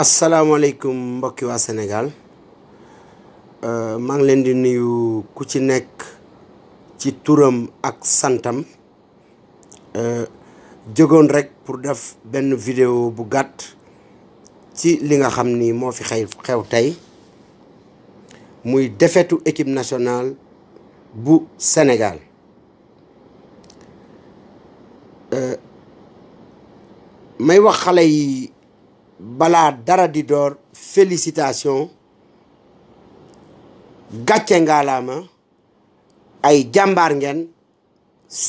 asalaamaaleykum mbokki waa Sénégal euh, maa ngi leen di nuyu ku ci nekk ci turam ak santam euh, jógoon rekk pour def benn vidéo bu gàtt ci li nga xam ni moo fi xew xew tey muy defetu équipe nationale bu senegal euh, may wax xale yi balaa dara di door félicitation gàcce ngaalaama ay jàmbaar ngeen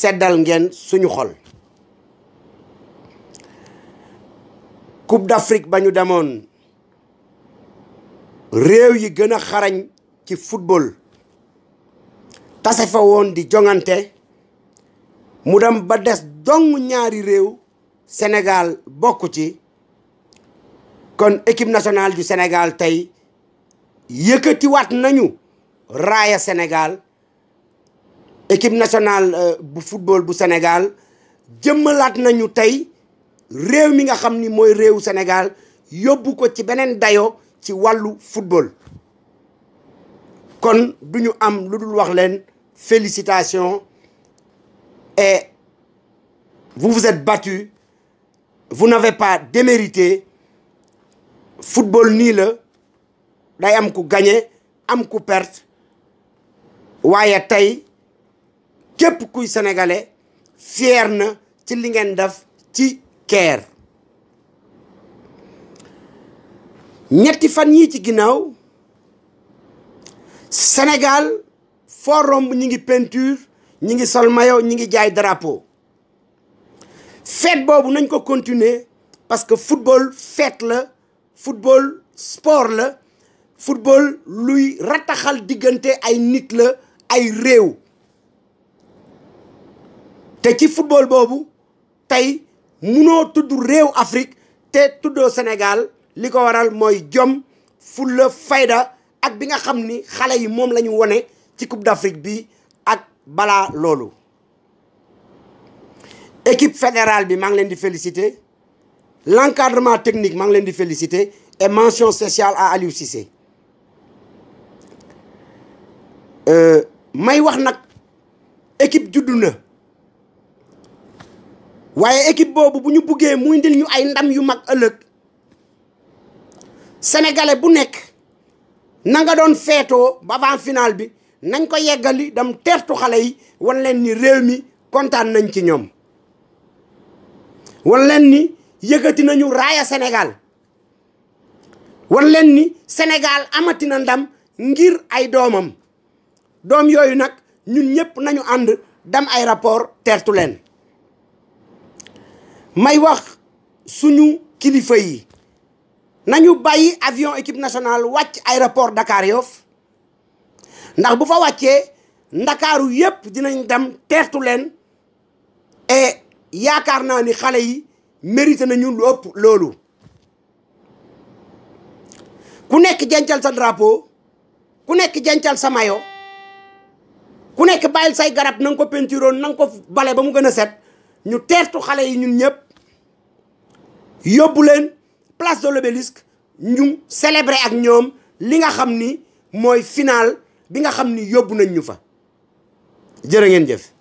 seddal ngeen suñu xol Coupe d'Afrique ba ñu demoon réew yi gën a xarañ ci football tase fa woon di jongante mu dem ba des dong ñaari réew Sénégal bokk ci kon équipe nationale du Sénégal tey yëkkatiwaat nañu raaya Sénégal équipe nationale euh, bu football bu Sénégal jëmmalaat nañu tey réew mi nga xam ni mooy réewu Sénégal yóbbu ko ci beneen dayo ci wàllu football kon du ñu am lu dul wax leen félicitations et vous vous êtes battus vous n'avez pas démérité football nii la day am ku gañe am ku perte waaye tey képp kuy senegale fier na ci li ngeen def ci Caire ñetti fan yii ci ginnaaw senegal foo romb ñi ngi peinture ñi ngi sol maillot ñi ngi jaay drapeau fête boobu nañ ko continuer parce que football feet la football sport la football luy rataxal diggante ay nit la ay réew te ci football boobu tey munoo tudd réew Afrique te tuddoo Sénégal li ko waral mooy jom fulla fayda ak bi nga xam ni xale yi moom la ñu wone ci Coupe d'Afrique bi ak balaa loolu équipe fédérale bi maa ngi leen di féliciter l'encadrement technique maa ngi leen di féliciter et mention spéciale à Aliou Cissé euh, may wax nag équipe juddu na waaye équipe boobu bu ñu buggee muy ndil ñu ay ndam yu mag ëllëg sénégalais bu nekk na nga doon feetoo ba avant finale bi nañ ko yeggali dem teertu xale yi wan leen ni réew mi kontaan nañ ci ñoom wan leen ni yëkkati nañu raaya senegal wan leen ni senegal amati na ndam ngir ay doomam doom yooyu nag ñun ñëpp nañu ànd dem ay rapport teertu leen may wax suñu kilifa yi nañu bàyyi avion équipe nationale wàcc aéroport Dakar Yoff ndax bu fa wàccee ndakaaru yëpp dinañ dem teertu leen et yaakaar naa ni xale yi mérité na ñu lu loolu ku nekk jencal sa drapo ku nekk jencal sa mayo ku nekk bàyyil say garab na ko peinturoon na ko bale ba mu gën a set ñu teertu xale yi ñun ñëpp yóbbu leen place de l'obélisque njum selebre ak ñoom li nga xam ni mooy final bi nga xam ni yóbbu nañ ñu fa jërë ngeen jëf